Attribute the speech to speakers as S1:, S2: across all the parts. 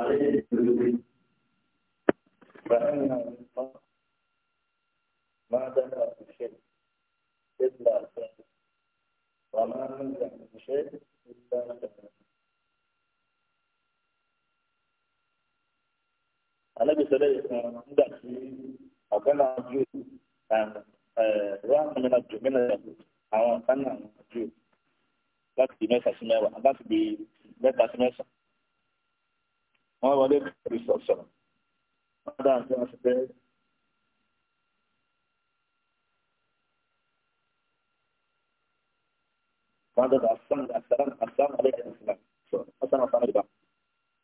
S1: عليه الوجود فإنه الحق ما دخل في شيء إلا كان وما أنزل من شيء إلا كان Àlẹ́bí sọ́dọ̀ ìsìn nígbà tí ọ̀gá náà jù ráàmù náà jù mí náà àwọn ọ̀gá náà jù láti mẹ́ta sí wọ́n wọlé kàrí sọ̀sọ̀rọ̀ wọ́n dáa sí wọ́n sì bẹ́ẹ̀. wọ́n dọ̀dọ̀ asan asan asan alẹ́ kàrí sọ̀rọ̀ sọ asan asan alẹ́ bá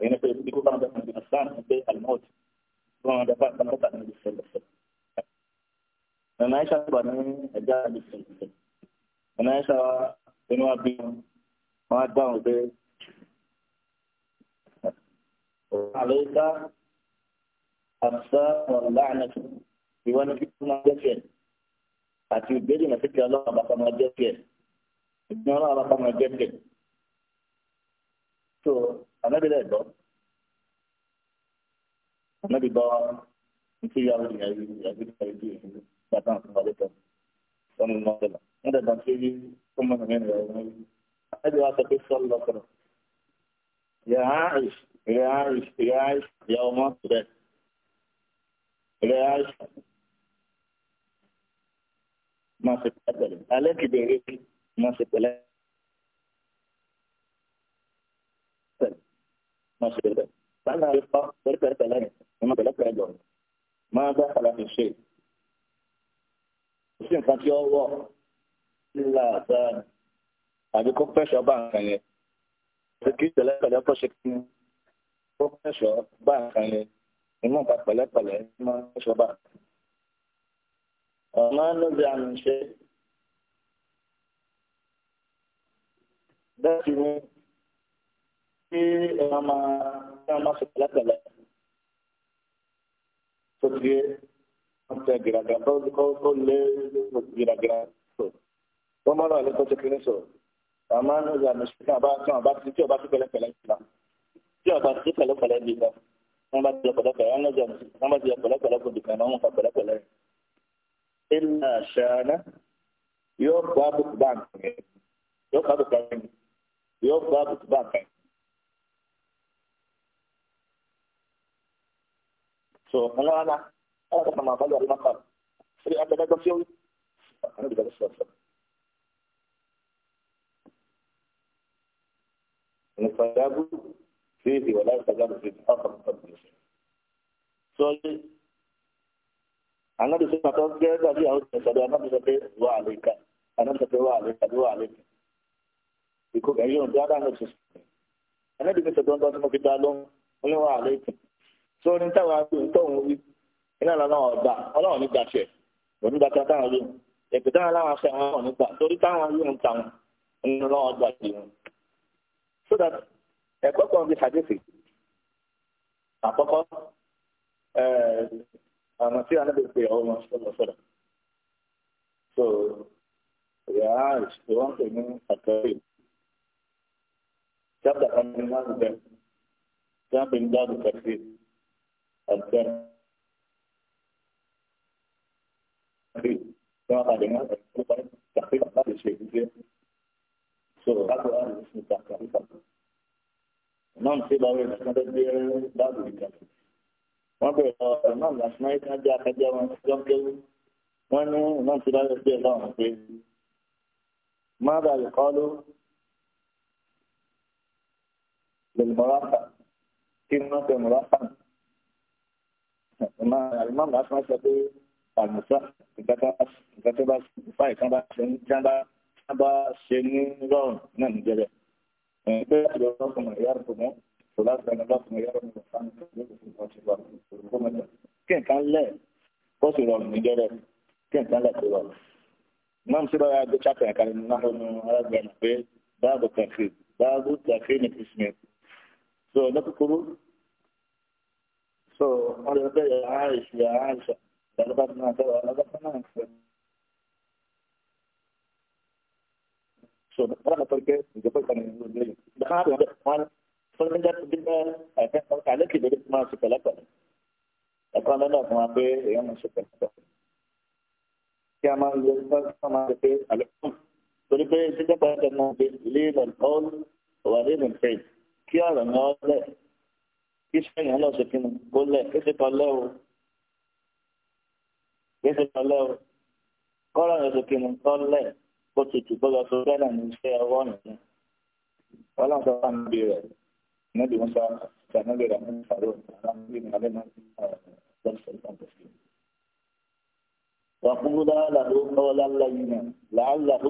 S1: èyí ni pé ibi kó kàn dọ̀dọ̀ asan ẹgbẹ́ alimọ́t tó wọn dọ̀dọ̀ asan alẹ́ kàrí sọ̀rọ̀ sọ̀rọ̀. nana ní ẹja àbí sọ̀rọ̀ nana aisha inú wa bí á dáhùn bẹ́ẹ̀. عليك الساق واللعنة ìwọ́n fi kún máa jẹ́fẹ̀ẹ́ àti ìgbéjì náà síkẹ́ ọlọ́run bàbá máa jẹ́fẹ̀ẹ́ ìgbín ọlọ́run bàbá máa jẹ́fẹ̀ẹ́ tó anábìlẹ̀ gbọ́ anábì bọ́ nítorí ìyá òun ìyá ìlú ìyá ìlú ìyá ìlú ìlú bàbá àwọn ọmọdé tó wọn ní wọn lọ wọn dẹ̀ bàtí yí fún mọ́nà mẹ́rin rẹ̀ wọn anábì wa sọ pé sọ́ọ́ lọ́kọ̀ọ́ yà á ìrẹ́ àìsàn ìrẹ́ àìsàn ìyá ọmọ rẹ̀ ìrẹ́ àìsàn máa ṣe pẹ̀lẹ́ alẹ́ kìdè rẹ̀ máa ṣe pẹ̀lẹ́ máa ṣe pẹ̀lẹ́ báńkà rẹ̀ pa pẹ̀lẹ́ pẹ̀lẹ́ rẹ̀ ní máa pẹ̀lẹ́ pẹ̀lẹ́ jọ máa bá àlàfi ṣe kò sí nǹkan tí ó wọ̀ nílà àbí kó pẹ̀ṣọ́ bá nǹkan yẹn kí ìṣẹ̀lẹ̀ pẹ̀lẹ́ pọ̀ ṣe kí ni ó máa ṣọ bá nǹkan yẹn ìmú nǹkan pẹ̀lẹ́pẹ̀lẹ́ máa ṣọ bá. ọ̀nà níbi àmì ṣe bẹ́ẹ̀ sì ni kí ẹ̀rọ máa ẹ̀rọ máa ṣe pẹ̀lẹ́pẹ̀lẹ́ tó di wọ́n tẹ gìràgìrà tó tó lé gìràgìrà tó wọ́n mọ́ra ẹ̀ lẹ́kọ̀ọ́ tó kéré sọ̀rọ̀ àmọ́ níbi àmì ṣe kí ọba tí ọba tí ọba pẹ̀lẹ́pẹ̀lẹ́ ti náà tí ọba tí pẹ̀lẹ́pẹ̀lẹ́ bí kan wọn bá ti ọ̀pọ̀lọpọ̀ wọn lọ́jọ́ wọn bá ti ọ̀pọ̀lọpọ̀ kò dìkan wọn kọ pẹ̀lẹ́pẹ̀lẹ́. ìlà ṣáná yóò kó àbùkù báńkì yẹn yóò kó àbùkù báńkì yẹn yóò kó àbùkù báńkì yẹn. so wọn wá náà wọn kọ́ màmá balùwẹ̀ àti mọ́kà ṣé abẹ́rẹ́ gbọ́ fíọ́wì àwọn ìdílé sọ̀tọ̀. nípa ìyá gbogbo. فيه ولا يتجاوز في آخر التدبير سؤال أنا بس أقول كذا في أول سؤال أنا بس أقول وعليك أنا بس أقول وعليك وعليك يكون أيون جارا نفسه أنا بس أقول بس ما كتالون ولا وعليك سؤال أنت وعليك أنت وعليك iná lọ́nà ọ̀gbà ọlọ́run nígbà ṣẹ̀ onígbà tí a táwọn yóò ẹ̀pẹ̀ táwọn aláwọ̀ aṣọ àwọn ọ̀nìgbà torí táwọn yóò ń ta wọn ọlọ́run ọgbà ṣe wọn. so that ẹ̀kọ́ kan bí hadisi àkọ́kọ́ eh, ọ̀nà tí a ní bèbè ọmọ sọ̀rọ̀sọ̀rọ̀ so ìyá ìwọ́n pè ní àkọ́rẹ́ chapter kan ní wọ́n bẹ̀ tí wọ́n pè ní dáàbò kàfí àgbẹ̀ tí wọ́n pàdé mọ́ ẹ̀kọ́ kàfí àti ṣe ìdíje so láti wọ́n ní ìsinmi kàfí kàfí náà ṣe bá wẹ̀ lọ́sán tó gbé báàbù nìkan. wọ́n bẹ̀rẹ̀ lọ náà lásán yìí kan jẹ́ akẹ́jẹ́ wọn tó ń kéwú. wọ́n ní náà ṣe bá wẹ̀ bẹ́ẹ̀ lọ́rùn pé má bàa kọ́ ló lèmọ́ráfà kí wọ́n fẹ́ mọ́ráfà. ìmọ̀ lásán sọ pé àmùsà nǹkan bá ṣe ní rọrùn náà nìjẹ́ kẹ̀kẹ́ lẹ̀ bọ́sù rọrùn ní jẹ́rẹ̀ kẹ̀kẹ́ lẹ̀ tó rọrùn náà sí báyà gbé chápẹ̀ àkàrí náà ní arábìnrin pé báàbò kàfé báàbò kàfé ní kìsìmẹ̀ so ní kúkúrú so wọ́n lè fẹ́ yà á ìṣù yà á ìṣà ìdàlúbà náà sọ̀rọ̀ alábàtà náà sọ̀rọ̀ So the one of the people can do it. The hard one, so then that the I think for Kalik is very much a collector. The common of one way, a young collector. كما يقول كما يقول الحكم torí pé ṣíṣe pàtàkì náà pé lílo ọ̀l wà nínú ìfẹ́ kí ọ̀rọ̀ náà lẹ̀ kí bó ti tù bó lọ sọ bẹ́ẹ̀ ní iṣẹ́ ọwọ́ nìyẹn wọ́n lọ́n sọ fún àmì rẹ̀ níbi wọn sọ sànúlé rẹ̀ ní ìfàdó àmì ní alẹ́ náà وقولا له قولا لينا لعله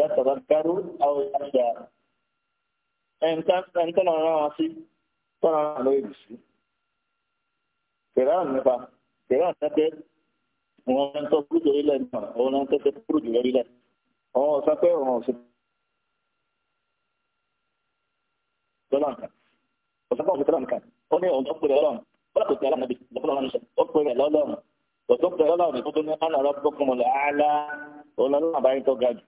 S1: يتذكر او يخشى ان كان راسي tọ́ra lọ èlù sí. Fẹ̀rán nípa Fẹ̀rán tẹ́tẹ́ wọn ń tọ́ kúrò lórílẹ̀ náà wọn ń tẹ́tẹ́ kúrò jù lórílẹ̀ ọ̀rọ̀ ọ̀sán pé ọ̀rọ̀ ọ̀sán dọ́là nǹkan ọ̀sán pọ̀ dọ́là nǹkan ó ní ọ̀dọ́ pẹ̀lú ọlọ́run wọ́n kò tẹ alámọ̀dé lọ́kùnrin ọ̀rọ̀ ó pẹ̀lú ọlọ́run ọ̀dọ́ pẹ̀lú ọlọ́run ìfọ́tọ́ ní ànàrọ̀ gbọ́kùnrin làálá ọlọ́run àbáyé tó ga jù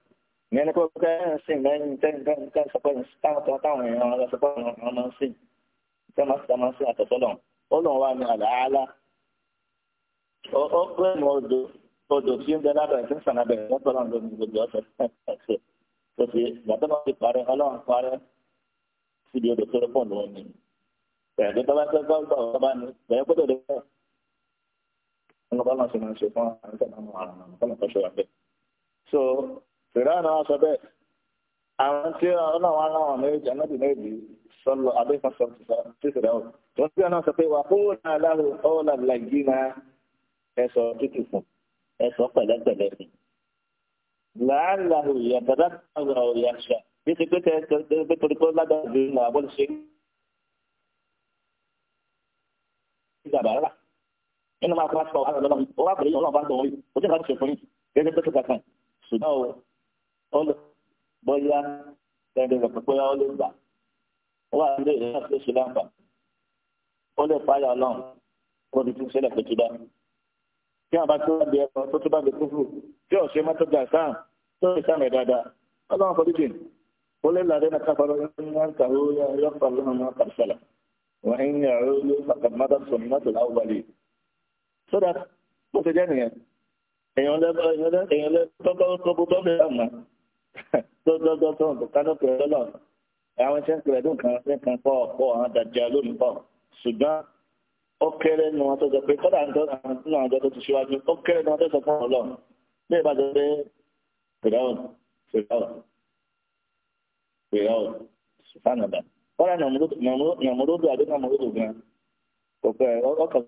S1: ní ẹni pé kẹ́hìnsìn lẹ́yìn tẹ́yìntẹ́yìntẹ́yìn sọpọ́yìn táwọn èèyàn ọ̀rọ̀ sọpọ́yìn ọ̀rọ̀ máa ń sìn tẹ́ máa sì máa ń sìn àtọ̀tọ̀ lọ́run ọlọ́run wa ní àlàálá ọ tọjọ tí ń bẹ lábẹ́ tí ń sàn abẹ wọn tọrọ ń lọ ní gbogbo ọ̀sẹ̀ ẹsẹ̀ tọsí yàtọ̀ náà ti parẹ́ Ọlọ́run parẹ́ síbi odò tó rẹpọ lọ́wọ́ ni ẹgbẹ́ tó bá tẹ gbọ gbọ ọ̀rọ̀ bá ní bẹ́ẹ̀ kó tòde bẹ́ẹ̀ wọn bá máa ṣe máa ṣe fún àwọn ìṣẹ̀lẹ̀ àwọn àrùn àwọn kọlọ tó ṣọra bẹ́ẹ̀ so fìràn náà sọ bẹ́ẹ̀ àwọn tí Ọlọ́run aláwọn méjì anábì méjì sọlọ abẹ́fà sọ ti sọ̀rọ̀ tí wọ́n ti bí wọn náà sọ pé wà kó náà láhùn ọ́ ẹ̀sọ́ pẹ̀lẹ́pẹ̀lẹ́ ni. làálàá ìyàtọ̀dá àwọn ọ̀rẹ́ àṣà bí ti pété pété tó lágbára ju ìlànà àbọ̀lù ṣe ń gbà bàárà nínú máa fọwọ́ sọ àwọn ọlọ́mọ ọwọ́ àpèlé yìí ọlọ́mọ bá ń tọ̀ wọ́n yìí ó jẹ́ ká ti ṣe fún yìí gẹ́gẹ́ pé tó kankan ṣùgbọ́n o ó lè bọ́yá ẹni rẹ̀ pé ó lè gbà ó wà nílé ìrìnà ṣe láǹfà ó lè fáyà ọlọ́run ó ti tún sílẹ̀ pé tó dáa tí wọn bá tó bẹ ọ tó tó bá bẹ kúfù tí ọ̀sẹ̀ má tó gbà sáà tó lè sáà mẹ́ dáadáa ọlọ́run forí jìn ó lè làdé náà káfọ́ lọ́wọ́ ń kàwé yọ fà lọ́nà náà kà sọ̀lá wọ́n ń yà ó ló fàkà mọ́tò sọ̀rọ̀ náà tó láwọ́ balẹ̀. so that bó ṣe jẹ́ nìyẹn èèyàn lẹ èèyàn lẹ tọ́kọ́ tọ́kọ́ tó fẹ́ tó nǹkan kan lọ́kọ̀ ẹ̀rọ náà àwọn ó kéré ni pé kọ́dà ń tọ́ka nínú àwọn tó ti ṣíwájú ó kéré ni fún ọlọ́run bí ìbá jẹ pé fìdáwọ̀n fìdáwọ̀n fìdáwọ̀n sùfànàdà kọ́dà nàmúròdù àbí nàmúròdù gan kò pẹ́ ọkọ̀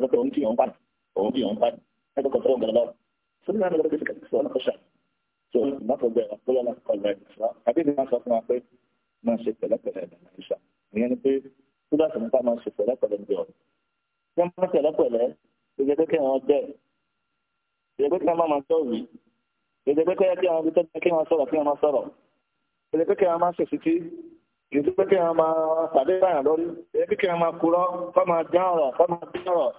S1: lọ́kọ̀ òun tí òun pàdé òun tí òun pàdé ẹ̀kọ́ kọ̀ọ̀tọ́ òun gbọ́dọ̀ sórí náà lọ́kọ̀ kẹsìkẹ́ sọ ọ́nà kọ́ṣà tó ìmọ̀tò bẹ̀rẹ̀ ọ̀pọ̀lọ́lá kọ̀ọ̀lá ìṣọ́ àbí ìdí máa sọ fún wa pé máa ṣe pẹ̀lẹ́pẹ̀lẹ́ ìṣọ́ ìyẹn ni pé túbọ̀ sì ní ká máa ṣe pẹ̀lẹ́pẹ̀lẹ́ ń jẹ ọ̀rọ̀ tí wọ́n máa pẹ̀lẹ́pẹ̀lẹ́ gbẹgbẹ́ kí wọ́n bẹ̀ gbẹgbẹ́ kí wọ́n máa sọ̀rọ̀ yìí gbẹgbẹ́ kí wọ́n bí tọ́jú kí wọ́n sọ̀rọ̀ kí wọ́n máa sọ̀rọ̀ gbẹgbẹ́ kí wọ́n máa ṣèṣì tí gbẹgbẹ́ kí wọ́n máa pàdé báyà lórí gbẹgbẹ́ kí wọ́n máa kúrọ́ kọ́ máa dán ọ̀rọ̀ kọ́ máa dín ọ̀rọ̀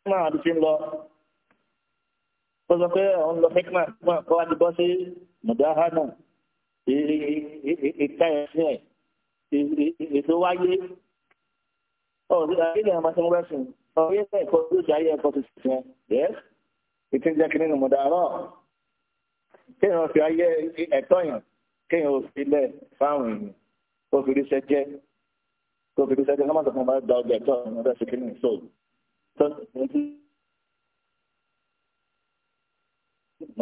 S1: kí wọ́n àdúgbò ń lọ. ó sọ pé òun lọ hekima kó wá di bọ́ sí mùdáhánà ìka ẹ̀sìn ẹ̀ ètò wáyé ọ̀rọ̀ ayé ni àmọ́ tí wọ́n rẹ́sìn ọ̀rọ̀ yẹn fẹ́ ẹ̀kọ́ tó jáyé ẹ̀kọ́ tó sì yẹn yẹn ètò ìjà kìíní ni mo dàárọ̀ kéèyàn fi ayé ẹ̀tọ́ yẹn kéèyàn ò fi lẹ̀ fáwọn èèyàn kó fi ríṣẹ́ jẹ́ kó fi ríṣẹ́ jẹ́ kó má sọ fún ọmọ ẹgbẹ́ ọgbẹ́ ẹ̀tọ́ ọmọ ẹgbẹ́ ṣèkínní so tó ní ti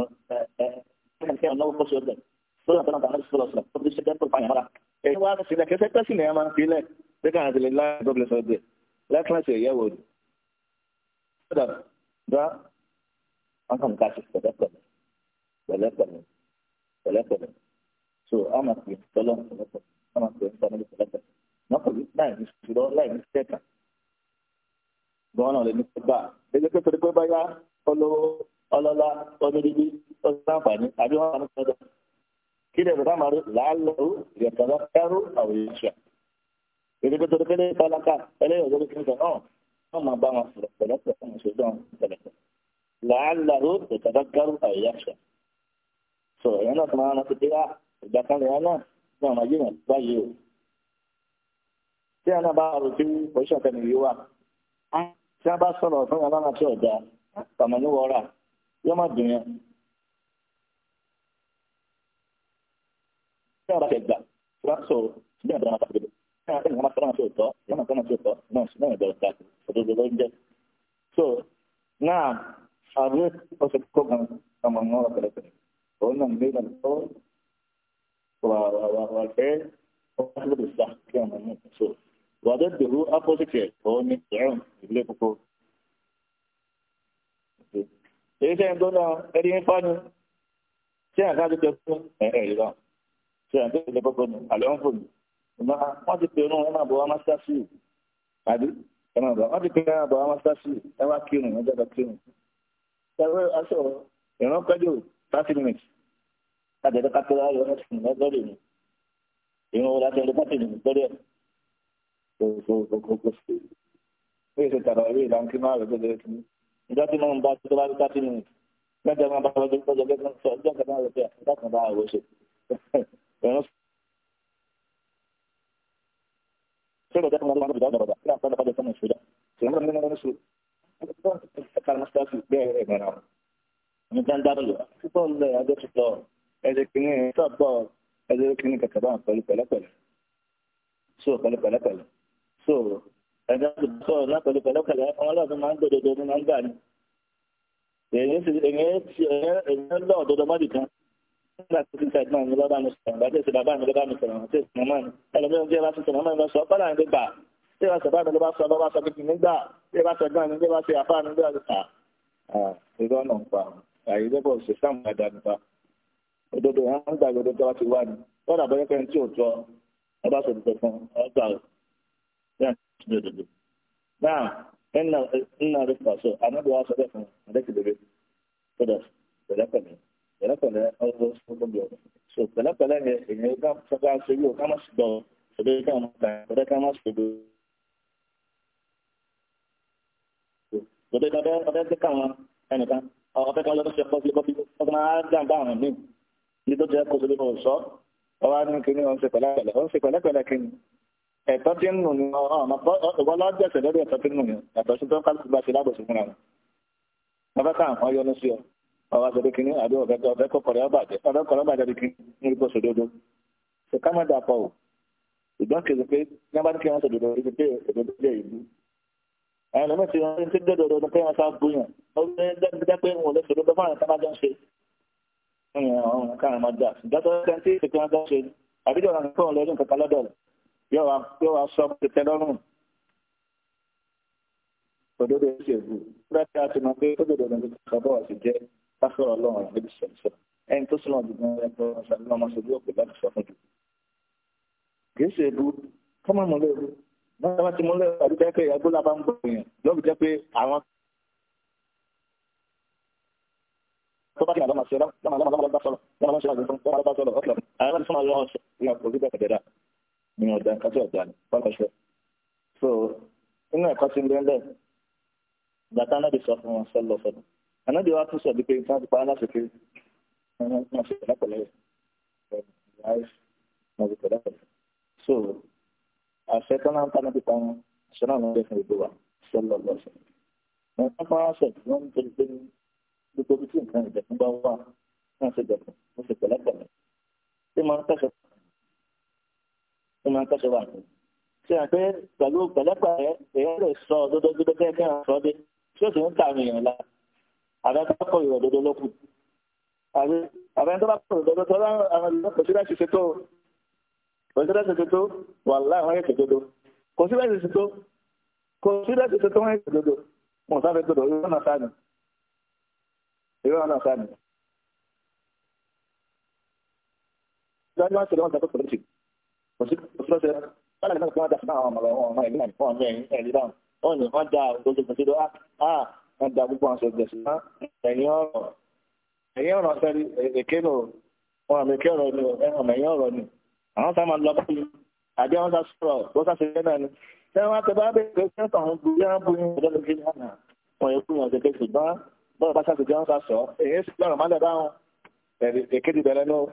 S1: ẹ̀ ẹ̀ ẹ̀ ẹ̀ ẹ̀ ẹ̀ ẹ̀ ẹ̀ ẹ̀ ẹ̀ ẹ̀ ẹ̀ ẹ̀ ẹ̀ ẹ̀ ẹ̀ ẹ̀ ẹ̀ ẹ̀yin wá sílẹ̀ kẹsẹ́ pẹ́ sílẹ̀ ẹ̀ máa sílẹ̀ bí káà sílẹ̀ láì dọ́bìlẹ̀ sọ̀dẹ̀ lẹ́kìlẹ̀sì ẹ̀yẹ wò ni. ọ̀dà bá wọn kàn ká sí pẹ̀lẹ́pẹ̀lẹ́ pẹ̀lẹ́pẹ̀lẹ́ pẹ̀lẹ́pẹ̀lẹ́ so a máa pè tọ́lọ́ pẹ̀lẹ́pẹ̀lẹ́ a máa pè family pẹ̀lẹ́pẹ̀lẹ́ mọ́kànlí láì ní ṣùgbọ́ láì ní sẹ́ẹ̀kà gbọ́nà lè ní bá ẹgbẹ́ pé torí pé báyá ọlọ́lá ọdún dídí ọdún àǹfààní àbí wọn kàn ní sọ́dọ̀ kí lè bàbá màrú làálù yàtọ̀ kẹrù àwọn ìṣẹ́ èdè pé torí pélé tálákà ẹlẹ́yìn òjò kí n sọ náà wọ́n máa bá wọn sọ̀rọ̀ pẹ̀lẹ́pẹ̀ fún ìṣèjọ́ pẹ̀lẹ́pẹ̀ làálù yàtọ̀ kẹrù àwọn ìṣẹ́ sọ èèyàn náà tó máa rántí pé ìgbà kan lè yẹn náà ní ọ̀nà yìí yẹn báyìí o tí ẹ̀ náà bá rò sí oṣù ọ̀tẹ̀ nìyí wà tí a bá sọ̀rọ̀ fún yàrá náà tí ọ̀dà tàmánú wọ́ọ́rà yóò má dùn yẹn tí a bá fẹ́ gbà tí wọ́n sọ bí àbúrò máa tàbí tí a bẹ́ẹ̀ ni wọ́n máa sọ́nà sí òtọ́ wọ́n máa sọ́nà sí òtọ́ náà sí náà so náà àbúrò ọ̀sẹ̀ kan ọmọ ọmọ ọ̀rọ̀ pẹ̀lẹ́pẹ̀lẹ́ òun náà gbé so wà á dẹ́gbẹ̀rú opposite ẹ̀ òun ni ẹ̀rùn ìdílé kókó. èyí sẹ́yìn tó náà ẹni ń ṣe àǹtẹ̀ ìlẹ̀ pọ̀pọ̀ ni àlẹ́ wọn fò ní. wọ́n ti pèrún ẹ máa bọ̀ wá master school àbí ẹ máa bọ̀ wọ́n ti pèrún ẹ máa bọ̀ wá ẹ wá kírun ẹ jáde kírun. ṣàwé aṣọ ìran kọjú thirty minutes àjẹjẹ kákẹ́rẹ́ ayọ̀ ẹ̀sìn lọ́gọ́rì ni ìran wo láti ẹ̀rọ pàtẹ́lì ní lórí ẹ̀ kò kò kò kò kò sí. bí èsì tàrà ìwé ìlànà kí máa rẹ̀ gbẹgbẹ kí ìjọ tí máa ń bá tó bá rí thirty minutes mẹ́jọ máa bá wọlé tó jẹ gẹ́gẹ́ sọ ọjọ́ kan náà rẹ̀ pé àtúntà kan bá àwọ̀ ṣe ẹ̀rọ sọ̀rọ̀ jẹ́ kọ́ńtà lọ́wọ́ ìdájọ́ ọ̀dà kí àpá ìdájọ́ sọ́nà ìṣúdá ṣèlú ní wọ́n sọ ẹ̀ka mọ́sításì gbé ẹ̀gbẹ̀rẹ̀ àwọn ní dáńdáàrú lọ fúbọ̀ lọ ẹ̀jẹ̀ tuntun ẹ̀jẹ̀ kìíní sọ̀bọ̀ ẹ̀jẹ̀ kìíní kẹ̀kẹ́ bá pẹ̀lú pẹ̀lẹ́pẹ̀lẹ́ so pẹ̀lú pẹ̀lẹ́pẹ̀lẹ́ so ẹ̀jẹ̀ tuntun náà pẹ̀lú pẹ̀lẹ́pẹ̀lẹ́ àwọn ọlọ́run máa ń dòdòdò ní máa ń gbà ní èyí lọ́ọ̀dọ́dọ́ mọ́bì kan nígbà tó ti sẹ̀dùn mi lọ́ba mi sọ̀rọ̀ bá tẹ̀sí bàbá mi lọ́ba mi sọ̀rọ̀ tẹ̀sí màmá mi ẹlòmíràn tí ẹ bá ti sọ̀rọ̀ mọ́ mi lọ sọ ọ́pá láàrin gbégbà tí ẹ bá sọ̀rọ̀ mi lọ́ba sọ lọ́ba sọ kìkì nígbà tí ẹ bá sẹ̀dùn mi tí ẹ bá ṣe àfáà mi lọ́ba sọ̀rọ̀ ìrọ́ náà ń pa àyè lẹ́bọ̀ ṣe sáàmù ẹ̀dá nípa òdodo wọn ń gbàgbé òdodo wa ti wá ni wọ́n dàbọ̀ yẹ kẹ́ni tí ò tọ́ ẹ bá sọ̀rọ̀ tuntun fún ọgbà rẹ̀ ní òdodo. náà nínú rẹ̀ pàṣẹ ànábìwá sọ bẹ́ẹ̀ fún ọ̀dẹ́kìlérè tó dọ̀ pẹ̀lẹ́pẹ̀lẹ́ pẹ̀lẹ́pẹ̀lẹ́ ọdún ọdún bíọ so pẹ̀lẹ́pẹ̀lẹ́ yẹ èyàn ká sọgbà sórí ọká má sùdọ sọdọ ká má ta sọdọ ká má sọdọ sọdọ ká ọdẹ tẹ ká wọn ẹnìkan ọdẹ ká lọ́dọ̀ ṣe kọfí kọfí ọkọ máa dáńgbà àwọn míì ní tó jẹ kó sórí kò sọ ọwọ́ ní kíní wọn ṣe pẹ̀lẹ́pẹ̀lẹ́ wọn ṣe pẹ̀lẹ́pẹ̀lẹ́ kíní ẹ̀tọ́ tí ń nù ní ọwọ́ lọ́jọ́ ìṣẹ̀lẹ̀ ẹ̀tọ́ tí ń nù ní ẹ̀tọ́ tí tó kálukú bá ọwọ́ aṣọ kékeré àbí ọ̀fẹ́ kọkọrẹ́ ọbàjẹ́ ọ̀fẹ́ kọkọrẹ́ ọbàjẹ́ kékeré ní ìgbọ́ sòdodo ṣe ká má dà pọ̀ o ìgbọ́n kejì pé ní abá kí wọ́n sòdodo ibi pé òdodo jẹ́ ìlú àwọn ọmọ tí wọ́n ti dé dodo pé wọ́n sá gbóyàn ó ní dẹ́gbẹ́ pé wọn ò lè sòdodo fáwọn ẹ̀ká má jọ ń ṣe ọ̀hún káwọn má dà ìdájọ́ ẹ̀ka tí ìṣèkí wọn jọ ń ṣe àbíjọ́ ọ̀rọ̀ nǹkan ọ̀lẹ́dùn kankan lọ́dọ̀ rẹ̀ yóò wá sọ pẹ̀tẹ́ lọ́rùn òdodo sásọ̀rọ̀ ọlọ́run àgbẹ̀bí sọ̀rọ̀ ẹni tó sọ̀rọ̀ ọdún gan-an ẹ̀kọ́ ṣàlùmọ́ ọmọ ṣojú ọ̀pẹ̀ láti sọ fún jù. kì í ṣe èlú kọ́mọ mọ̀ lẹ́rú báyọ̀ bá ti mú lẹ́rú àbí jẹ́ pé ẹgbẹ́ lábá ń gbọ́ yẹn lọ́bi jẹ́ pé àwọn tó bá ti àlọ́ màṣẹ lọ́mọdé sọ̀rọ̀ lọ́mọdé sọ̀rọ̀ ọ̀kìlọ̀ àyàbá ti fún àwọn ní ọkọ̀ ojú bẹ̀rẹ̀ dá ní so inú ẹ̀kọ́ ti ń bẹ́ẹ̀ bàtà náà ti ànábì wa tún sọ̀dí pé nǹkan ti pa aláṣẹ pé wọ́n ṣe pẹ̀lápẹ̀lẹ́ wọ́n ṣe pẹ̀lápẹ̀lẹ́ so àṣẹ kan náà ń tánà pípa wọn àṣẹ náà ló ń bẹ fún gbogbo wa sọlọ lọsẹ wọn tán fún aṣọ tí wọn ń tẹ̀lé pé gbogbo ibi tí nǹkan ìjẹ̀kùn bá wà wọ́n ṣe jẹ̀kùn wọ́n ṣe pẹ̀lápẹ̀lẹ́ ṣé máa ń tẹ̀sọ̀ ṣé máa ń tẹ̀sọ̀ wà ní ṣe àpẹ pẹ̀lú pẹ̀lẹ́pẹ̀lẹ́ èèyàn lè sọ òdodo gbẹdẹgbẹ kẹrin sọdẹ tí ó sì ń ta àwọn èèyàn lára àdáńtọ́kọ̀ ìwà òdodo lọ́kù àbí àbẹ́ńtọ́kọ̀ ìwà òdodo tọ́lá àwọn òṣèlú àti ṣètò òṣèlú àti ṣètò wà láwọn ayé ṣètò kò sí láti ṣètò kò sí láti ṣètò wọn ayé ṣètò wọn sáfẹ́ tòdò ìwé náà sáà nì ìwé náà sáà nì. ìdájọ́ wọn ṣe lọ́wọ́ ìdájọ́ pọ̀lọ́tì kò sí lọ́sẹ̀ báyìí náà kí wọ́n dá sí àwọn ọmọ ọmọ ẹ̀mí náà wọ́n da púpọ̀ àwọn sọ̀gbẹ̀ sí ẹ̀yìn ọ̀rọ̀ ẹ̀yìn ọ̀rọ̀ sẹ́rí èké nù wọn àmì èké ọ̀rọ̀ ni ẹ̀hàn ẹ̀yìn ọ̀rọ̀ ni àwọn sá máa lọ báyìí àbí àwọn sá sọ̀rọ̀ wọ́n sá ṣe fẹ́ náà ni ṣé wọ́n á tẹ bá bẹ̀rẹ̀ pé kí wọ́n tàn bu yá bu yín ọjọ́ lókè lánàá wọn yóò fún yàn ṣe pé bọ́ọ̀ bá ṣàṣe jẹ́ wọ́n sá sọ èyí sì lọ́rọ̀ má lẹ́bàá wọn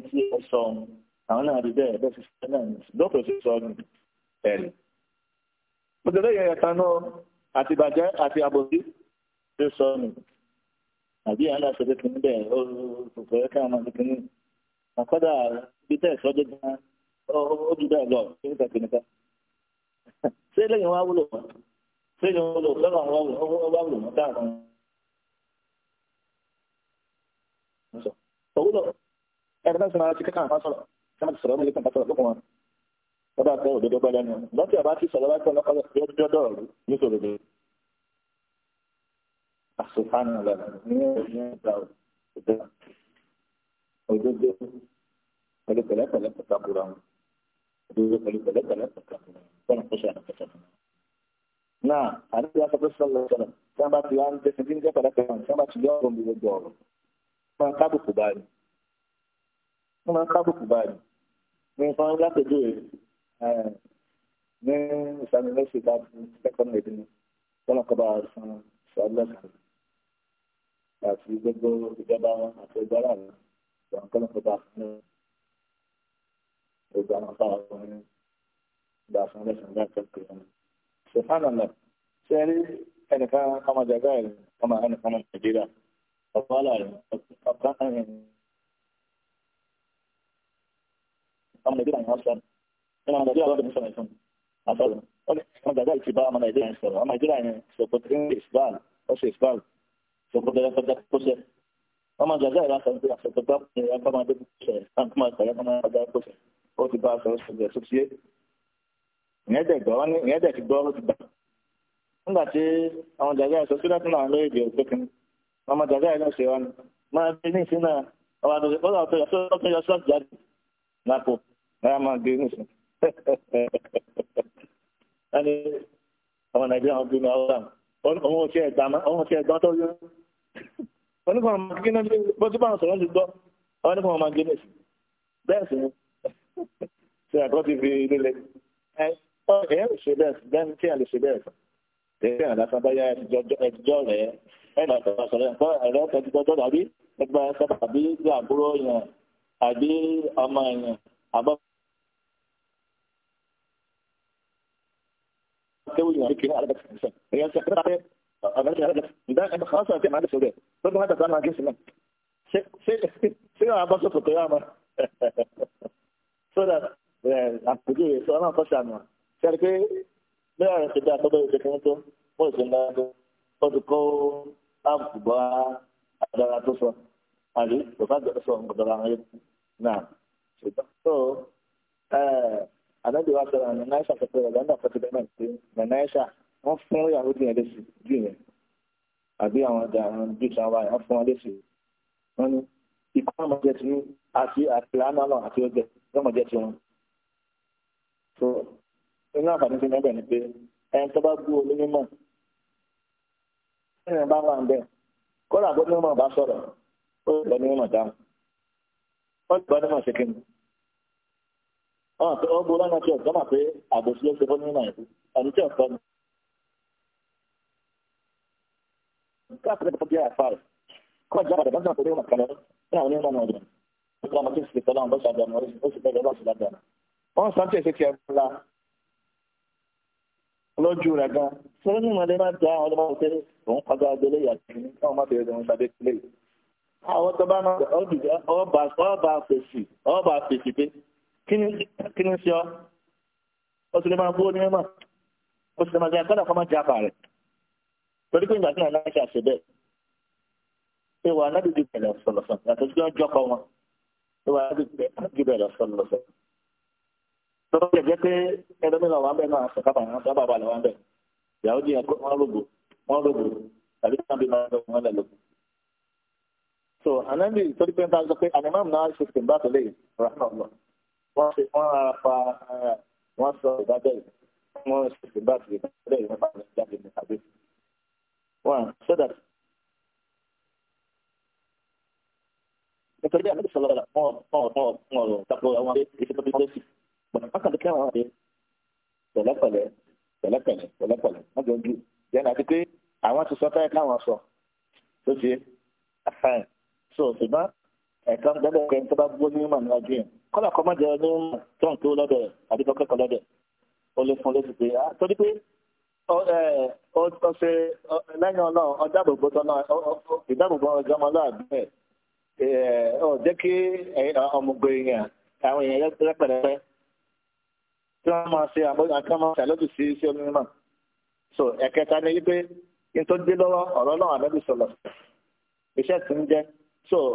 S1: bẹ̀rẹ̀ nù àwọn náà rí bẹ́ẹ̀ bẹ́ẹ̀ sísẹ́ náà ní dókítà sì sọ ní ẹ̀rì. mo tẹ̀lé yẹn ẹ̀ka náà àti ìbàjẹ́ àti àbòsí ṣe sọ ní àbí àwọn àṣẹ tó kìíní bẹ́ẹ̀ ó kò yẹ káwọn àti kìíní. àkọ́dà bí tẹ́ ẹ̀sọ́ dé gan lọ níta kìíníkà. ṣé lẹ́yìn wá wúlò wọ́n ṣé lẹ́yìn wúlò lọ́rọ̀ si kánà ti sọ̀rọ̀ lẹ́kàn pàtàkì lọ́kàn wọn lọ́dọ̀ àtẹ òdodo pẹ́ lẹ́nu lọ́tí àbá ti sọ̀rọ̀ láìpẹ́ lọ́kàn lọ́dọ̀ dọ̀rọ̀ ní sòdodo. àṣùfáàní ọ̀la ní ìgbà òdodo òdodo pẹ̀lú pẹ̀lẹ́pẹ̀lẹ́ pẹ̀tàkùrà wọn òdodo pẹ̀lú pẹ̀lẹ́pẹ̀lẹ́ pẹ̀tàkùrà wọn náà àdúgbò asọ́pẹ́ sọ́lọ́ sọ́lọ́ tí wọ́n bá ti wá ń tẹ̀sí ní pẹ̀lẹ́pẹ̀lẹ́ wọn tí wọ́n bá ti yọ ọ̀rọ̀ mi gbogbo ọ̀rọ̀ wọ́n kábùkù báyìí wọ́n kábùkù báyìí nǹkan lápẹjọ rẹ ní ìsàmì lọ́sẹ̀ bá lẹ́kọ̀ọ́ náà ìdíni wọn kọ́ bá san ṣàlọ́kà àti gbogbo ìjọba wọn àti ìgbára rẹ wọn kọ́ lọ́kọ̀ bá fún ìgbà wọn bá wọn ní ìgbà fún lẹ́sẹ̀ ní àkọ́kọ́ wọn. sùfàànà náà ṣe rí ẹnìkan kọ́mọ jàgbá rẹ ẹnìkan nàìjíríà ọ̀pọ̀ àlàyé ọ̀pọ̀ àlàyé. ọmọ nàìjíríà ni wọ́n sọ nínú ọmọ nàìjíríà lọ́dọ̀ mi sọ̀rọ̀ ìfún àtọ́lù ọmọ dàda ìtì bá ọmọ nàìjíríà ń sọ̀rọ̀ ọmọ nàìjíríà ni sọ̀kòtò ń ṣe ìsbáàlù ó ṣe ìsbáàlù sọ̀kòtò ẹ̀rọ kọjá kó ṣe ọmọ dàda ìlà sọ̀kòtò sọ̀kòtò ẹ̀rọ kọjá kó ṣe ọmọ dàda ìlà sọ̀kòtò kó ṣe ó ti bá a sọ̀rọ̀ sọ̀rọ̀ tó ṣe ìyẹn dẹ̀ gbọ́ ìyẹn dẹ̀ ti gbọ́ ó ti gbà nígbà tí àwọn dàda ìsọ sílẹ̀ tó náà lóye ìdìbò pé kí ọmọ dàda ìlà ṣe wa ni máa fi ní ìsìn náà ọmọ dàda ìlà sọ̀rọ̀ tó yọ sọ́ọ̀tì jáde lápò ẹ máa gbé nísìn ẹni àwọn nàìjíríà wọn bínú àwọn àwọn òṣì ẹgbà àwọn òṣì ẹgbà tó yọ wọn nípa àwọn akéwìn náà bó tí báwọn sọ̀rọ̀ ti gbọ́ àwọn nípa àwọn máa gbé nísìn bẹ́ẹ̀ sì ni ṣe àkọ́ ti fi ilé lẹ ẹ ẹ ṣe bẹ́ẹ̀ sí bẹ́ẹ̀ tí a lè ṣe bẹ́ẹ̀ sí èyí àdá sábà yá ẹtìjọ rẹ ẹ máa sọ̀rọ̀ sọ̀rọ̀ ẹ̀kọ́ ẹ̀rọ ẹtìjọ tó dàbí ẹgbẹ́ sábà bí àbúrò yẹn àbí ọmọ yẹn àbọ̀ تسوي وعليك كده على نفسك الانسان هي استخدمت عليه عملت على نفسك ده انا خلاص انا عندي سوداء برضه هذا كان عاجز منك سيدنا عباس في القيامه صدق عبدي انا طش عنه شركه لا يستطيع تضيع تكنته ويسنده صدقه أفضل أدرى تصر هذه وفاق أسوأ مقدرة نعم so, uh, ànábì wa sọ̀rọ̀ àná náírà sọ̀tọ̀ rẹ̀ lọ́nà fọ́tí bẹ́ẹ̀ náà pé nà náírà wọ́n fún yahudi yẹn lẹ́sì jù yẹn àbí àwọn ọ̀dà àwọn jù tí wọ́n wá fún wọn lẹ́sì wọn ni ikọ́ ọmọ jẹ ti ní àti àtìlánà lọ àti ọjẹ ọmọ jẹ ti wọn. so inú àǹfààní ti mẹ́bẹ̀ ni pé ẹni tó bá gbú olónímọ̀ ẹni bá wà ń bẹ̀ kó làgbọ́n mímọ̀ bá sọ̀rọ̀ ó lọ mímọ̀ dáhùn ó lọ mímọ̀ ṣe kéde ọ̀n bó lánàá tí ọ̀gá mà pé àbòsí ló ṣe fọ́ nínú àìkú ẹni tí ọ̀gá ni. káàkiri tó bí àfa rẹ̀ kọ́ ìjà padà bọ́sẹ̀ àkórí ọ̀nà kalẹ̀ ní àwọn onímọ̀ ọ̀dọ̀ ní ọmọ tí ó sì tọ́lá ọ̀dọ́ ṣàdánù ó sì bẹ̀rẹ̀ ọlọ́sì ládàá. wọ́n sàn tí èsì tiẹ̀ ńlá lójú rẹ̀ gan sọ́rọ́ ní ìmọ̀lẹ́ máa da àwọn ọlọ́mọ pé òun padà abẹ́lé yàtọ̀ ní Kini kini ṣe ọ́ ó sì lè máa búrò ní mímọ́ ó sì lè máa jẹ akọ́dà kọ́ máa jẹ apá rẹ̀ torí pé ìgbà tí nàá ṣe àṣẹ bẹ́ẹ̀ ìwà anábìbí bẹ̀rẹ̀ ọ̀sọ̀lọ̀sọ̀ yàtọ̀ sí ọjọ́ kọ wọn ìwà anábìbí bẹ̀rẹ̀ ọ̀sọ̀lọ̀sọ̀ tó bá jẹ́ pé ẹlẹ́mìíràn wà bẹ́ẹ̀ náà sọ̀kápà náà sábà balẹ̀ wà bẹ́ẹ̀ ìyàwó di ẹ̀kọ́ wọn rògbò wọn rògbò tàbí sábì máa ń lọ wọn lẹ́lọ́ wọ́n fi wọ́n rárá pa wọ́n sọ ìdájọ́ yìí wọ́n sì fi bá ti ìdájọ́ yìí wọ́n bá ti jáde ní tàbí. one, so that nítorí àmì sọ̀rọ̀ rẹ̀ wọ́n wọ́n wọ́n wọ́n lọ tako àwọn ọmọdé ìṣẹ́ tó fi mọ́lẹ́sì gbọ̀nà wọ́n kàn lè kí àwọn ọmọdé pẹ̀lẹ́pẹ̀lẹ́ pẹ̀lẹ́pẹ̀lẹ́ pẹ̀lẹ́pẹ̀lẹ́ wọ́n jọ ń ju yẹn àti pé àwọn ti sọ fẹ́ káwọn sọ tó ṣe so ṣùgbọ́n ẹ̀ka gbọ́dọ̀ kẹ́ni tó bá gbó ní mọ̀ níwájú yẹn kọ́lá kọ́ máa jẹ́ ní tọ́hún tó lọ́dọ̀ rẹ̀ àbí kọ́kẹ́kọ̀ọ́ ó lè fún lóṣù pé torí pé ọ̀sẹ̀ lẹ́yìn ọlọ́run ọ̀dàbòbò tọ́lá ìdábòbò ọjọ́ ọmọlúwàbí ẹ̀ ọ̀ jẹ́ kí àwọn èèyàn rẹ́pẹ̀rẹ́pẹ́ tí wọ́n máa ṣe àti sí omi so ẹ̀kẹta ni wípé dé lọ́wọ́ ọ̀rọ̀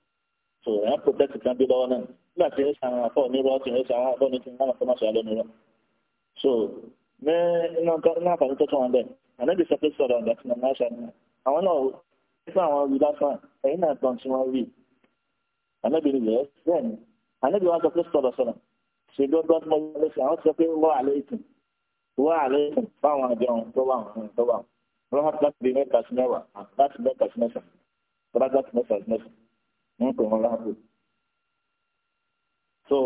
S1: so ẹ̀ protect kan bí lọ́wọ́ náà nígbà tí ó sàn àpọ̀ onírọ́ tí ó sàn àpọ̀ ní ti ń hàn fọmọ́sì alónírọ́ so ní iná àǹfààní tó tún wọn bẹ́ẹ̀ ànábì sọ pé sọ̀rọ̀ ọ̀dà tí màmá ṣà ní àwọn náà nígbà àwọn rí lásán ẹ̀yìn náà tán tí wọ́n rí ànábì ni yẹ bẹ́ẹ̀ ni ànábì wọn sọ pé sọ̀rọ̀ sọ̀rọ̀ ṣe ló gbọ́ mọ́ ilé sí àwọn sọ pé wọ́ àlẹ́ ìtù wọ́ àlẹ́ ìtù fáwọn àjọyọ̀ tó wà wọn tó wà wọn láti mẹ́ta sí mẹ́wàá láti mẹ́ta sí mẹ́sàn-án ń pè wọn láàbò so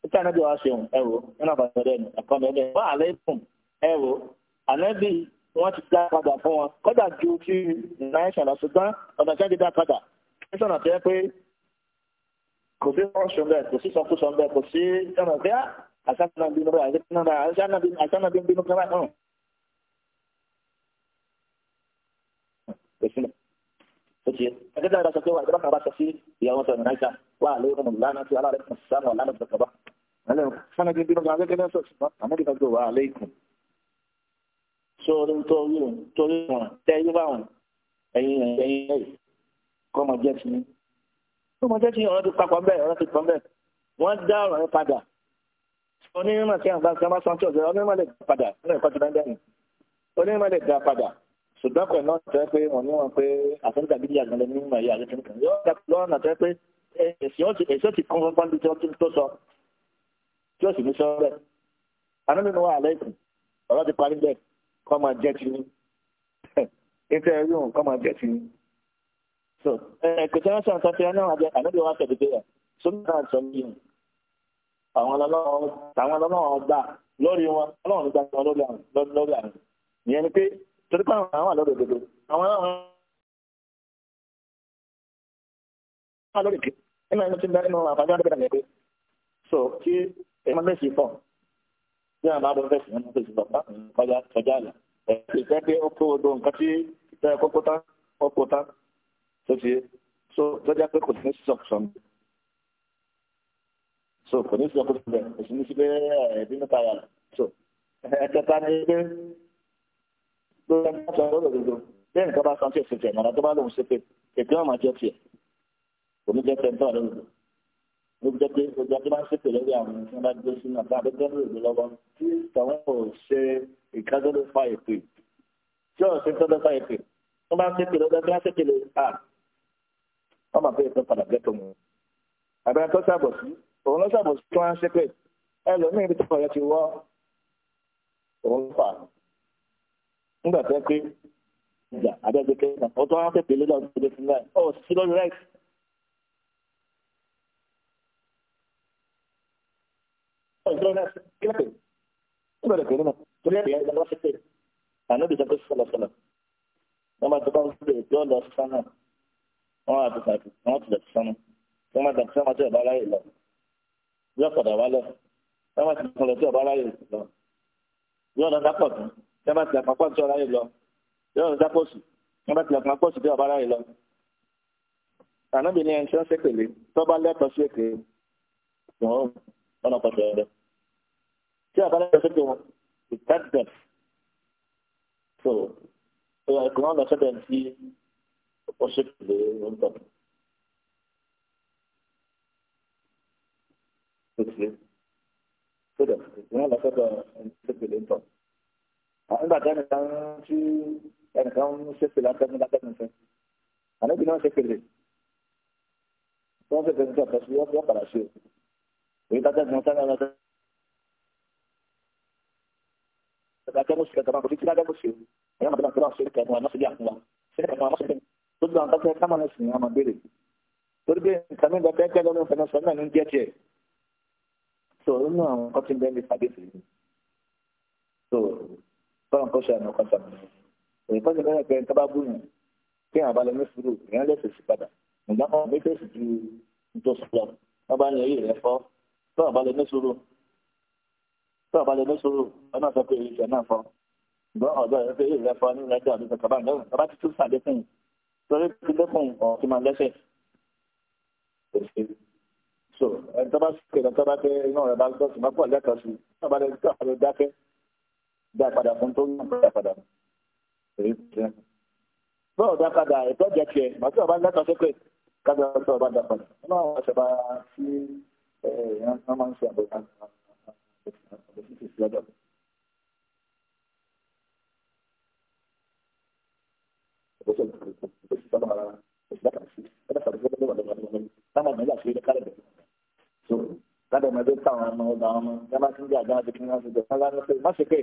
S1: títí ànábì wa ṣeun ẹwò nínú àbàtọ̀dẹ ni ẹ̀kọ́ mi ẹ̀dẹ̀ wọ́n àlẹ́ ìkùn ẹwò ànábì wọ́n ti dá padà fún wọn kọ́dà ju ti náírà lọ ṣùgbọ́n ọ̀nà jáde dá padà nítorí àti ẹ pé kò sí ọ̀ṣun bẹ́ẹ̀ kò sí sọkúsọ bẹ́ẹ̀ kò sí ọ̀nà bẹ́ẹ̀ àṣánà bínú bẹ́ẹ̀ àṣánà bínú bínú bẹ́ẹ̀ náà kace kaga da rasa kai wa idan ka ba tafsiri ya wata nan ka wa alaihim lanatu ala alaikum assalam wa lanatu kaba alam sana gidi ba ga kana so amma da ka wa alaikum so dun to yi to yi wa dai yi ba won ẹ̀yin ẹ̀yin ẹ̀yin ko ma je tin ko ma je tin ọ̀rọ̀ ti pa ko nbe ọ̀rọ̀ ti ko nbe wọ́n dá ọ̀rọ̀ padà onímọ̀ sí àgbà kan bá sọ́ńtò ọ̀sẹ̀ onímọ̀ lè padà ọ̀rọ̀ ìkọ́jú náà dẹ́nu onímọ̀ lè dá padà ṣùgbọ́n pẹ̀lú ọ̀nà tó yẹ pé wọ́n ní wọn pé àfẹ́ńtà bíi àgbẹ̀lẹ̀ ní ìmọ̀ yìí àti nìkan yóò dá lọ́nà tó yẹ pé èsì ọ̀tí kan fún pàǹdù tó sọ tí ó sì ní sọ́ọ́rẹ́ àná nínú àlẹ́ ìkù ọ̀rọ̀ ti parí bẹ́ẹ̀ kọ́ máa jẹ́ ti ní ètò ẹ̀rí òun kọ́ máa jẹ́ ti ní. kòtò ẹ̀sán sọ́fẹ́ náà àjẹ ànábì wa tẹ̀lé pé sómìnà sọ yìí àwọn ọlọ́wọ́ gbà lórí wọn ọlọ́run gbà lórí àwọn ìyẹn ni pé torí pé àwọn wà lọ́dọ̀ òdodo àwọn àwọn wà lọ́dọ̀ òdodo nínú ẹni tí ń bẹ nínú àbájá ọdọ bẹ́ẹ̀ náà pé so kí èyí máa bẹ́sì pọ̀ bí àwọn àbájá bẹ́sì nínú bẹ́sì pọ̀ kọjá kọjá àlà ìfẹ́ pé ó kó odò nǹkan tí ìfẹ́ kókó tán ó kó tán tó ti so tó jẹ́ pé kò sí ní sísọ sọm so kò ní sísọ kó sílẹ̀ kò sí ní síbẹ̀ ẹ̀ẹ́dínlẹ́ta yàrá so ẹ̀ẹ́dẹ́ta ni pé lórí ẹni láti ọ̀rọ̀ òdodo bẹ́ẹ̀ nìkan bá santi ẹ̀sìn tẹ̀ nàrà tó bá lòun ṣe pé tètè ọ̀mà jẹ́ tiẹ̀ kò ní jẹ́ tẹ̀ tó àlọ́ òdodo ló jẹ́ pé ojú ajé máa ń ṣètò lórí àwọn tí wọ́n bá dé sínú àti abẹ́tẹ́rù òdodo lọ́wọ́ tí tàwọn kò ṣe ìkájọ́ ló fa èpè tí ọ̀rọ̀ ṣe ń tọ́jọ́ fa èpè wọ́n bá ń nígbà tó pé ìjà adájọ́ kẹta ó tó wá tètè lọ́dọ̀ àwọn ọmọdé fún láì ọ̀ sí lọ́dọ̀ láì. Ànábì sọ pé sọlọ sọlọ, wọ́n máa tọ́ka ń sọ̀rọ̀ ìjọ lọ sánà, wọ́n máa tọ́ka wọ́n ti lọ sánà, wọ́n máa tọ́ka sánà tí ọba aráyè lọ, yóò padà wálẹ̀, wọ́n máa tọ́ka sánà tí ọba aráyè lọ, yóò lọ dápọ̀ tún yẹn bá tilẹ̀ kan pọ̀ sí ọ̀rá yìí lọ yóò rìn sápòsì yẹn bá tilẹ̀ kan pọ̀ sí bí ọ̀bá ráyìí lọ. ànábì ni ẹni tí wọ́n ṣe pèlè tó bá lẹ́tọ̀ọ́ sí èké wọn ọ̀nà pọ̀tẹ́ rẹ̀ tí ọ̀bá lẹ́tọ̀ọ́ sí èké wọn ìtẹ́tẹ̀ so ẹ̀kọ́ náà lọ sọ́dọ̀ tí ó ṣe pèlè ń tọ̀. Sọ́dọ̀ ìgbìmọ̀ lọ sọ́dọ̀ ẹni tó ṣe pèlè ń tọ̀ nígbà tí ẹnìkan tí ẹnìkan ń ṣèpèlè atẹ́gùn látẹ́gùn fẹ́ àníbi náà ṣèpèlè tí wọ́n ṣèpèlè tí ọ̀tọ̀ sí wọ́n padà ṣe èyí tátẹ́gùn sẹ́yìn ọ̀tọ̀ atẹ́gùn sí kẹtàmá kò sí títàdẹ́gùn sí ẹ̀yà màdàmà tó náà ṣe kẹtàmá náà ṣèjì àkùnwá ṣe kẹtàmá náà ṣèjì tó gbà nǹkan tẹ́ kámánà sí àmà béèrè torí pé nǹkan mi gbà tẹ́ kẹ́ lọ́nà ìfẹ́ náà sọ náà ní so nínú àwọn kọ́tí bẹ́ẹ̀ ní fàdé sí i kọ́lọ̀ kọ́ ṣàánú kan ṣàánú èyí kọ́ ṣe fẹ́rẹ̀ pé tó bá gbóyàn kí àwọn abalẹ̀ ní sùúrù èèyàn lè fèsì padà ǹgbà wọn méjèèjì ju nítorí sọ̀rọ̀ wọn bá ní ẹyẹ rẹ fọ́ tó àbalẹ̀ ní sùúrù tó àbalẹ̀ ní sùúrù wọn náà sọ pé èyí ṣẹ̀ náà fọ́ ǹgbọ́n ọ̀dọ́ rẹ pé èyí rẹ fọ́ nínú ẹjọ́ àdúgbò kaba ìdọ́rùn kaba ti tún sàdé dá padà fún tó yàn padà padà èyí kò jẹ bọ́ọ̀ dá padà ẹ̀tọ́ jẹ tiẹ̀ màtí ọba ń lẹ́tọ̀ọ́ sẹ́kẹ̀ kájọ ọ̀tọ̀ ọba dá padà nínú àwọn ọ̀ṣẹ̀bá tí ẹ̀yàn náà máa ń ṣe àbẹ̀ká àbẹ̀síkì sí ọjọ́. So, kada mai zai sa wani mawa da wani, yana sun ji a jana cikin nasu da kan ranar sai masu kai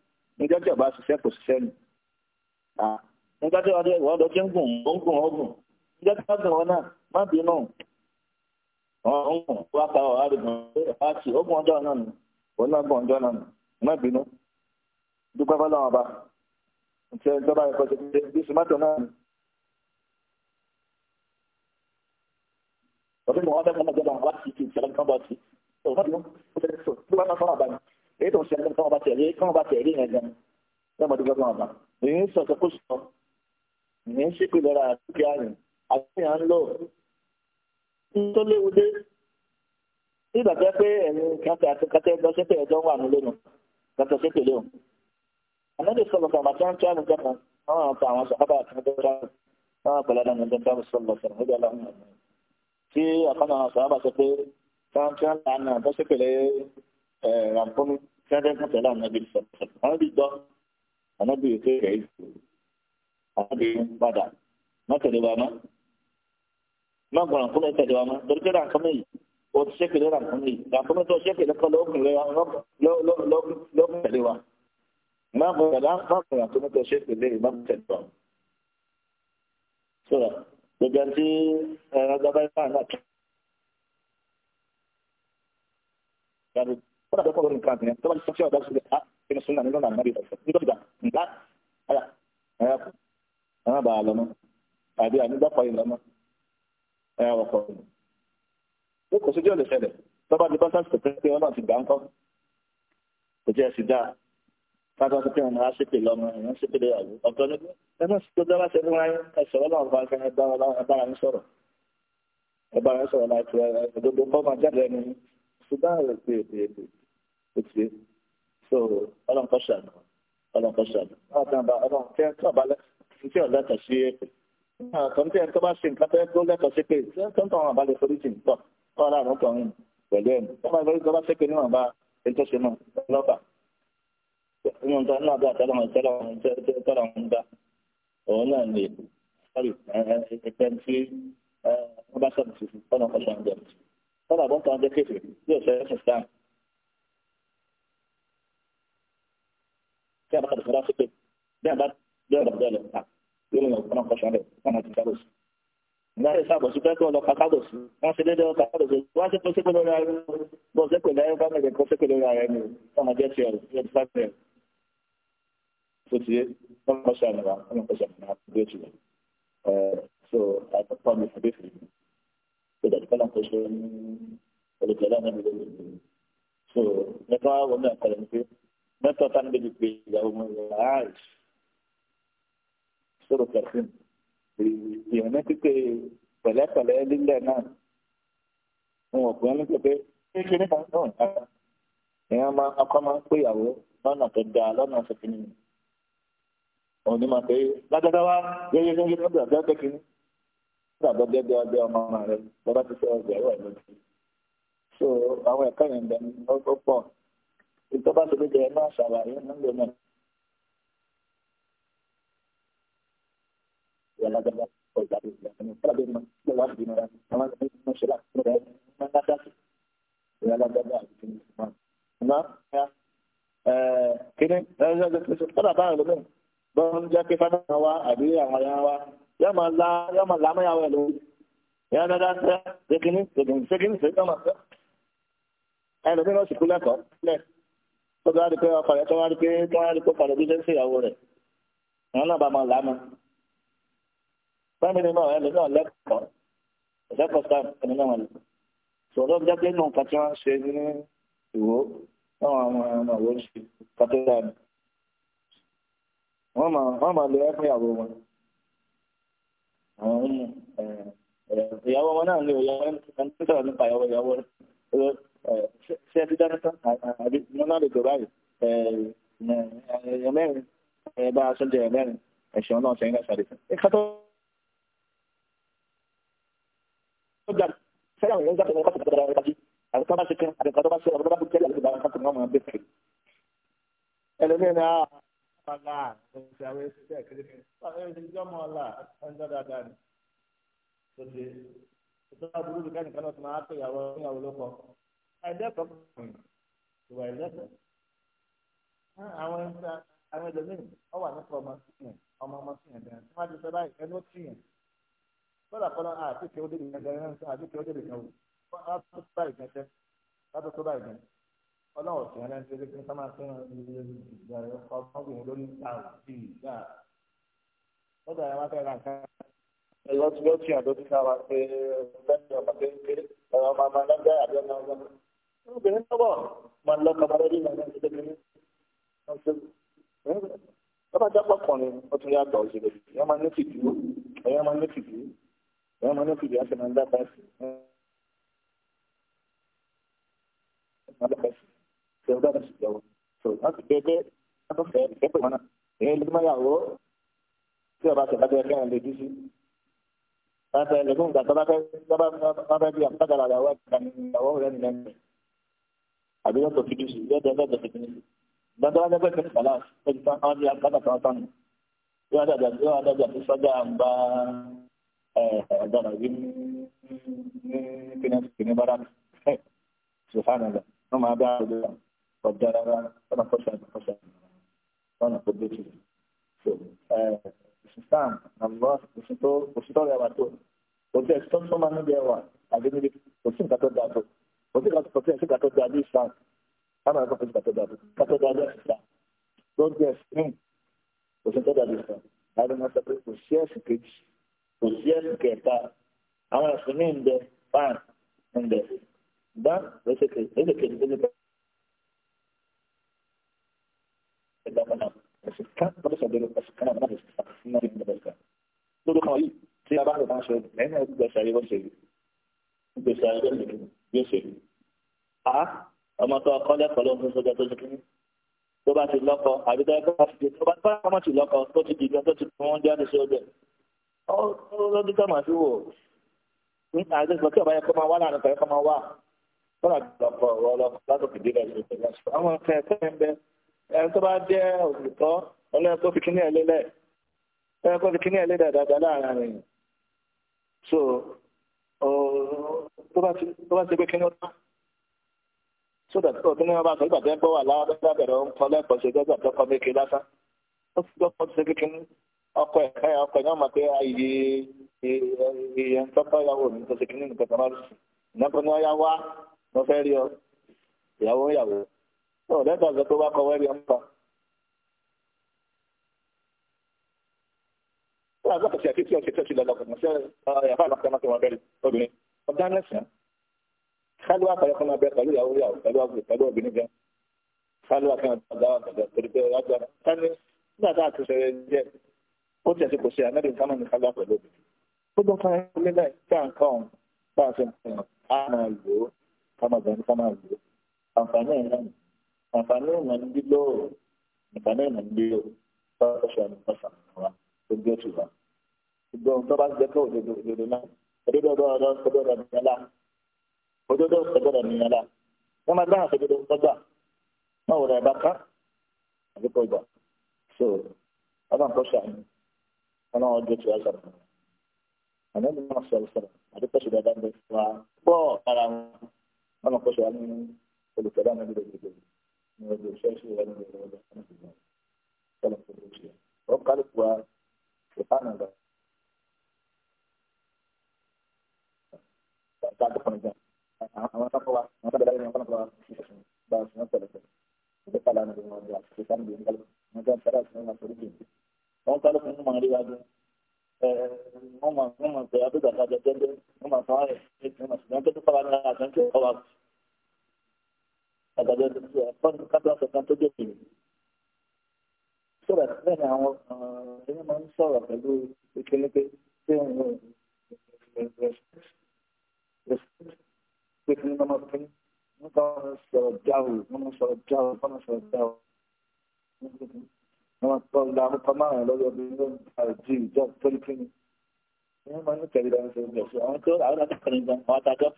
S1: níjọ́ tí ọba ṣiṣẹ́ kò ṣiṣẹ́ nù nígbà tí wọ́n wọ́n lọ jẹ́ ń gùn ó ń gùn ó gùn níjọ́ tí wọ́n gùn wọn náà má bínú ọ̀hún gùn wá ka ọ̀há rẹ̀ gùn ọ̀há tì ó gùn ọjọ́ náà nù òun náà gùn ọjọ́ náà nù má bínú dúpẹ́ fọlọ́ ọba ṣe ń tọ́ba ẹ̀kọ́ ṣe bí sùmọ́tò náà nù. ọdún mọ̀ ọ́dún mọ̀ ọ́dún mọ̀ ọ́dún mọ̀ ọ́dún mọ̀ ọ́dún mọ̀ ọ́dún mọ̀ ọ́dún mọ̀ èyí tó ń ṣẹlẹ̀ kọ́ ọba tẹ̀lé kọ́ ọba tẹ̀lé yẹn gan lọ́mọ tó gbọ́dọ̀ ọba èyí ń sọ kókó sọ èyí ń ṣèpè lọ́ra dúkìá rẹ̀ àti à ń lọ tó léwu dé nígbà tó yẹ pé ẹ̀yin kàtẹ́ lọ́sẹ̀tẹ̀ ẹ̀jọ́ wà ní lónìí kàtẹ́ sẹ́tẹ̀ lóhùn ànábì sọ̀rọ̀ kàmá tí wọ́n ń tí àwọn jẹ́kan wọ́n àwọn àwọn sọ̀kábà àti ọjọ́ ìjọba náà pẹ̀lú àdánù ìjọba ìjọba sọ̀rọ̀ sọ̀rọ̀ nígbà lọ́wọ́ tí àkànnà àwọn sọ̀kábà sọ pé tí wọ́n ń tí wọ́n lànà tó sẹ́kẹ̀lẹ́ ràǹkómi kẹ́kẹ́ kan tẹ̀lé ànábì sọ̀tọ̀ ànábì gbọ́ ànábì òkè rẹ̀ ìfò ànábì padà má tẹ̀lé wa mọ́ má gbọ̀ràn kúnlẹ̀ tẹ̀lé wa mọ́ torí pé ràǹkọ́ mẹ́yì o ti ṣẹ́kẹ̀lẹ́ ràǹkọ́ mẹ́yì ràǹkọ́ mẹ́tọ́ ṣẹ́kẹ̀lẹ́ kan lọ́ọ̀kùn tẹ̀lé wa má gbọ̀ràn kó mẹ́tọ́ ṣẹ́kẹ̀lẹ́ má tẹ̀lé wa. sọ̀rọ̀ gbogbo àti ẹ̀rọ wọ́n dàbí ọkọ̀ lórí nǹkan àtìyẹn tó bá jẹ́ ọ̀dà sílẹ̀ á inú sunna nínú nàìjíríà bí ọ̀sẹ̀ nítorí ìgbà nǹkan àyà ẹ̀yà kù ẹ̀yà bá a lọ́mọ àbí ànígbàpọ̀ yìí lọ́mọ ẹ̀yà ọkọ̀ ó kò sí díẹ̀ lè ṣẹlẹ̀ tó bá di bọ́sẹ̀sì tó pé wọn náà ti gbà ń kọ́ kò jẹ́ ẹ̀sìn dáa káàtó wọn ti pé wọn á ṣépè lọ́mọ ẹ̀yàn ṣépè lè yàgò ọ̀tọ̀ ní ẹ má sì tó dábàá ṣe fún wáyé ẹ sọ̀rọ̀ náà fún akẹ́kẹ́ ẹ bá ara ń sọ̀rọ̀ ẹ bá ara ń sọ̀rọ̀ láti ẹ gbogbo kọ́ máa jáde ẹni ṣùgbọ́n ẹ pè é pè é pè é ó ti dé so ọlọ́run kọ́ ṣàánú ọlọ́run kọ́ ṣàánú ọlọ́run tẹ́ ń tọ́ balẹ̀ tí ọ̀dà kà sí ẹ̀pẹ̀ kàn tí ẹni tó bá ṣe nǹkan tẹ́ tó lẹ́kọ̀ọ́ sí pé tí wọ́n tọ́ àwọn àbálẹ̀ forí jìn tọ̀ kọ́ ọ̀rọ̀ àrùn tọ̀hún pẹ̀lú ẹ̀mí wọ́n máa lórí tó bá ṣe pé níwọ̀n bá ẹni tó ṣe náà lọ́ba inú nǹkan náà bí àtẹ́lọ́mọ ìtẹ́lọ́mọ ń dá òun náà lè sọ́rí ẹ̀ẹ́dẹ́gbẹ́ tí wọ́n bá sọ̀rọ̀ sí ọ̀nà ọ̀ṣọ́ àjọ كان قد خلاص ذهبت ذهب ذلك يقول لك انا مش عارف انا كابوس لا يصاب سباك ولا كابوس ما سيدي ده كابوس واسه بس كل ولا بس كل ولا فما ده بس كل ولا يعني فما ده شيء يتفكر فتي ما شاء الله انا مش عارف ده شيء so I perform it differently so that kind of question ولكلام so نفع ولا كلام فيه mẹ́tọ́ tá níbi pé ìyàwó mi rẹ̀ áì sọ̀rọ̀ kẹsìn ìyẹn ní pípé pẹ̀lẹ́pẹ̀lẹ́ lílẹ̀ náà wọn ò gbọ́n ní pẹ̀pẹ́ kékeré kan náà dára ìyẹn máa akọ́ máa ń péyàwó lọ́nà tó dáa lọ́nà tó fi nìyẹn òun ni máa pé lágbàdá wa yẹ́yẹ́yẹ́ lọ́dọ̀ àbí ọ̀tẹ́ kìíní gbàgbọ́ gẹ́gẹ́ ọdẹ ọmọ rẹ bọ́dá ti fẹ́ ọgbẹ́ ẹ̀rọ ẹ̀ lọ́dọ̀ so àwọn ẹ̀kọ́ yẹn bẹ́ẹ̀ ni ó pọ̀ Itu tó gbẹdẹ náà ṣàlàyé nílò náà. Yàrá ọjà tó gbà ní ìpàdé náà ló wà di mana àwọn di tó ń ṣe láti rẹ̀ máa ń dá sí ìyá lágbàdo àti ìgbìmọ̀. Ọ̀nà kíní ẹ̀rọ ẹgbẹ́ tó ṣe fọ́dà báyìí lómi bọ́ ń jẹ́ pé fádà wa Ya, àwọn ará wa yóò máa la yóò máa lámúyàwó ẹ̀ lórí. Ìyá dáadáa ṣe kíní ṣe kíní ṣe kíní tó tó di rí pé ọkọ rẹ̀ tó wá rí pé tó wá rí pé ọkọ rẹ̀ bí sẹ́ńsì ìyàwó rẹ̀ àwọn náà bá máa lánàá fẹ́mi náà ẹni náà lẹ́kọ̀ọ́ lẹ́kọ̀ọ́ sáà ẹni náà lẹ́kọ̀ọ́ sọ̀rọ̀ bí jáde nù kàtí wọ́n ṣe ní ìwò náà àwọn ọmọ ìwò ṣe kàtí wọ́n ní wọ́n máa lè ẹ́ ìyàwó wọn àwọn ọmọ ìyàwó wọn náà lè ìyàwó ẹni tó ń tẹ̀lé nípa ìyàwó ìyàwó rẹ̀ ṣé ẹ ti dáná tán àbí wọn náà lè tó báyìí ẹ̀yàn mẹ́rin ẹ bá aṣọ jẹ ẹ̀yàn mẹ́rin ẹ̀ṣọ́ náà ṣẹ́yìn náà ṣàdé fún ẹ kátó. sẹ́yìn àwọn èèyàn ń jáde wọn kásìkò dára wájú àti tó bá ṣe kẹ́hìn àti tó bá ṣe ọ̀rọ̀ bá bùkẹ́lẹ̀ àti bàbá kásìkò náà máa bẹ̀ fẹ́. ẹlẹ́mìí ni a. ọ̀la ọ̀sẹ̀ àwọn èsì bẹ́ẹ̀ kéde fún mi. ọ̀sẹ̀ èsì jọ́mọ̀ ọ̀la ọ̀sẹ̀ dáadáa ni. tó ṣe ìtọ́jú àìlẹ́kọ̀ọ́ ìwà ìlẹ́kọ̀ọ́ àwọn ẹ̀ńtà àwọn ẹlòmíì ọ wà nípa ọmọ síyẹn ọmọ ọmọ síyẹn gan tí wọ́n ti sọ báyìí ẹni ó síyẹn bọ́dà kọ́lá àti kí ó dé ìgbà gan ẹ̀ńtà àti kí ó dé ìgbà wò wọ́n tó báyìí gan jẹ́ wọ́n á tó báyìí gan ọlọ́wọ́ lórí obìnrin sọ́bọ̀ máa lọ kàbàrẹ́ ní ìlànà ìdẹ́gbẹ̀rẹ́ lọ́ba jápọ̀ kùnrin ó tún yàgbà òṣèlú ẹ̀yà máa ní fìdí ẹ̀yà máa ní fìdí ẹ̀yà máa ní fìdí àti máa ń dábà sí máa dábà sí ṣe so láti bẹ́ẹ̀ afẹ́fẹ́ ìkẹ́pẹ́ wọn náà èyí ló máa yàwó tí ọba tẹ̀ bá tẹ̀ kẹ́hìn lè dí sí bá tẹ̀ lẹ́gbẹ̀ẹ́ nígbà tó bá fẹ́ bí àpáta làwọn ẹ̀ka ìyàwó Adalah wọ́n dia fi dùn sí lọ́dọ̀ lọ́dọ̀ fi dùn sí gbọ́dọ̀ wọn lẹ́gbẹ̀ẹ́ kẹsì Dia ada ti tán àwọn ní agbádà kan tán nù bí wọ́n dàgbà bí wọ́n dàgbà sí sọ́jà ń bá ọ̀dọ́nà yìí ní kíni kíni bára sùfàànà lọ wọ́n máa bá àwọn ọ̀dọ́ ọ̀dọ́ rárá ọ̀nà kọ́ṣà kọ́ṣà ọ̀nà kó dé tù so ìsìsàn àlọ́ òṣìṣẹ́ rẹwà tó òṣìṣẹ́ tó tó máa ń rẹwà àbí níbi òṣìṣẹ́ nǹkan tó kò sí ìgbà tó kọsí ẹ̀sìn kàtó dáadé ìsàn kámẹ́rà kò sí kàtó dáadé kàtó dáadé ìsàn lórí ẹ̀sìn kò sí kàtó dáadé ìsàn láti máa sọ pé kò sí ẹ̀sìn kejì kò sí ẹ̀sìn kẹta àwọn ẹ̀sìn míì ń bẹ fáàn ń bẹ gbá ẹ̀sìn kejì ẹ̀sìn kejì tó ní bẹ. ẹ̀dá kan náà ẹ̀sìn kan lọ́dọ̀ sọ̀dọ̀ ẹ̀sìn kan náà láti sàkóso náà ní ìgbà lórí kan yìí tí a bá lè máa ṣe ẹ̀yìn náà gbèsè ayé wọ́n ṣe gbèsè ayé wọ́n ṣe yóò ṣe a ọmọ tó ọkọ lẹ́kọ̀ọ́ ló ń fún sójà tó ṣe kíní tó bá ti lọ́kọ àbí tó bá ti tó bá tó bá ti lọ́kọ tó ti dìgbà tó ti fún wọn jáde sí ọjọ́ ọ lọ́dún tó máa fi wò ní àdéhùn kí ọba yẹ kó máa wá láàrin pẹ̀lú kó máa wá tó bá jẹ́ òṣìṣọ́ ọlọ́yẹ kó fi kíní ẹ̀ lélẹ̀ fi kíní ẹ̀ lélẹ̀ dáadáa láàrin àrìn so tó bá ti gbé kíní ọdún sódà tó tó ní wọn bá sọ ìgbà tẹ́ ń bọ̀ wà láwọn tó bá bẹ̀rẹ̀ ń kọ́ lẹ́kọ̀ọ́ ṣe gbọ́dọ̀ tó kọ́ méke lásán ó ti gbọ́dọ̀ tó ṣe gbé kíní ọkọ ẹ̀ ọkọ ẹ̀ náà mọ̀ pé ayé ìyẹn tọ́kọ ìyàwó mi tó ṣe kíní nìkan tó máa lù sí ìnáfọ́ ni wọ́n yá wá wọ́n fẹ́ rí ọ ìyàwó ìyàwó tó lẹ́tọ̀ ọ̀sẹ̀ tó bá kọ wẹ́rí ọ Ọ̀gá kò sí àkíyèsí ọ̀sẹ̀ tó ti lọ lọ́kọ̀ọ́ ọ̀dá mẹ́sàn-án sálú àpẹẹrẹ fún abẹ pẹ̀lú ìyàwó yàwó pẹ̀lú ọ̀gbìn pẹ̀lú obìnrin gan sálú àpẹẹrẹ ọ̀gá ọ̀gá torí pé ọjọ́ sálú nígbà tá a ti sọ̀rọ̀ jẹ́ ó tẹ̀sí kò sí àmẹ́rin kánà ní sálú àpẹẹrẹ obìnrin ó dún fún ẹni nígbà tí à ń kọ́ ọ̀hún bá a ṣe ń pọ̀ á máa lò ó ká máa gbà ní ká máa lò ó àǹfààní ẹ̀ náà àǹfààní ìmọ̀ ní bí lóòrò àǹfààní ìmọ̀ ní bí lóòrò bá a ṣe àmì òdodo ọ̀dọ̀ òdodo nìyẹn la òdodo òdodo nìyẹn la wọ́n máa dáhùn òdodo ọgbà náà wọ̀rọ̀ ẹ̀ bá ká àdúgbò ìgbà so ọlọ́run kọ́ sàánú ọlọ́run ọdún tí wọ́n sọ̀rọ̀ àná ní wọ́n sọ̀rọ̀ sọ̀rọ̀ àdúgbò ṣùgbọ́n ẹ̀dá ń bẹ wá pọ̀ ara wọn ọlọ́run kọ́ sàánú olùkọ́dá ọmọ ìdílé ìdílé ní ọdún iṣẹ́ ìṣẹ́ ìwà ní ọdún ọdún ọdún ọdún ọdún ọdún ọdún ọdún ọdún ọdún tak berpengaruh. Awak tak keluar, awak tak berada di mana keluar. Bawa semua selesai. Kita kalau nak dengan dia, kita nak dengan kalau macam cara semua masuk di sini. Kalau kalau pun mari ada, mama mama saya tu dah ada jadi, mama saya itu masih nanti tu kalau nak nanti kalau ada jadi apa kata kata tu jadi. Sebab sebenarnya awak ini manusia lah, kalau itu kena kena pé kí wọ́n máa pín nípa wọn sọ̀rọ̀ jáwò wọ́n máa sọ̀rọ̀ jáwò wọ́n máa sọ̀rọ̀ jáwò wọ́n máa tọ́ ìlà àmúpa márùn-ún lọ́wọ́ bí wọ́n bá jí ìjọ tó ní kí ni wọ́n máa ní kẹ̀lé lọ́wọ́ sí ọjọ́ àwọn tó àwọn akẹ́kọ̀ọ́ gan àwọn adájọ́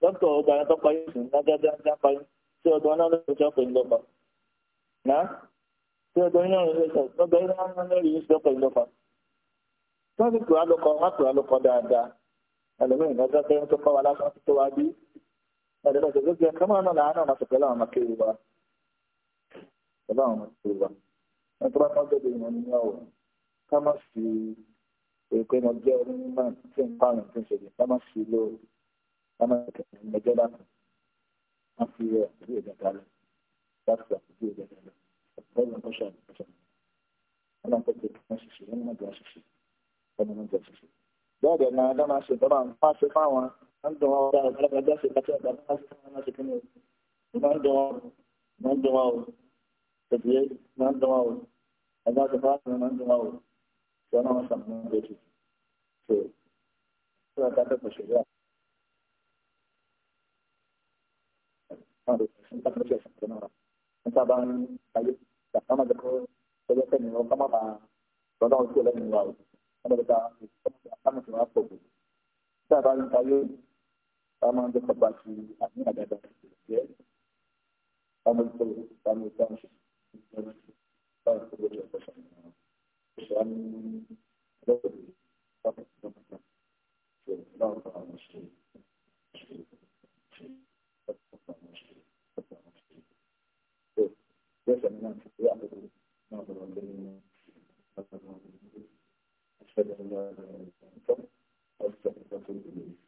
S1: dókítà ọgbà yẹn tó parí sí nágájá ń parí tí ọdún náà lóṣù tí ọkọ̀ ìlọ́pà náà tí ọdún náà lóṣù tí ọkọ̀ ìlọ́pà náà lóṣù tí ọkọ̀ ìlọ́pà tó ń kúrò alọ́kọ̀ wọn kúrò alọ́kọ̀ dáadáa ẹlòmíì lọ́jọ́ pé ń tó kọ́ wa lásán tó wá bí ẹ̀rọ lọ́jọ́ ló jẹ́ kọ́mọ́ náà làánà máa sọ̀kẹ́ láwọn máa kéwì wa láwọn máa kéwì wa wọ́n tó bá tán gbèdé ìwọ̀n ní ọ̀wọ̀ ká má sì èpè mọ jẹ́ onímọ̀ tí ń pààrọ̀ tí ń ṣẹlẹ̀ ká má sì lò ká má sì kẹ̀kẹ́ mẹjọ́ bá kàn á bẹ́ẹ̀ dẹ̀ náà dá máa ṣe ìjọba máa ṣe fáwọn máa ń dùn wọn ọ̀dà ọ̀gbẹ́lẹ́gbẹ́ bẹ́ẹ̀ ṣe pàṣẹ ọ̀gbà máa ṣe fáwọn máa ṣe kí ni o máa ń dùn wọn o máa ń dùn wọn o tètè máa ń dùn wọn o ẹgbẹ́ ṣe fáwọn máa ń dùn wọn o ṣé ọ̀nà wọn sàmì ní ìrètí ṣe ṣé ọ̀gá tó kọ̀ṣẹ̀ yá. Nípa bá ń ayé, ìgbà kan máa jẹ kó ẹgbẹ́ fẹ́ mi lọ, ká má bàa lọ́dọ̀ ọ̀gbẹ́ lẹ́nu wa o ọlọ́dọ̀dà amọ̀tò wa pọ̀ gbòòrò tí a bá ń ta yóò bá máa ń dẹ́kọ̀ bá ti àní àdàdà ìgbẹ́ bámu tó bámu tó ń ṣe bámu tó lórí ọ̀pọ̀ sọ̀rọ̀ náà ó ṣe wá ní ọlọ́dọ̀dà bámu tó ń ṣe bámu tó أشهد أن لا إله إلا الله وأستغفرك وأتوب إليك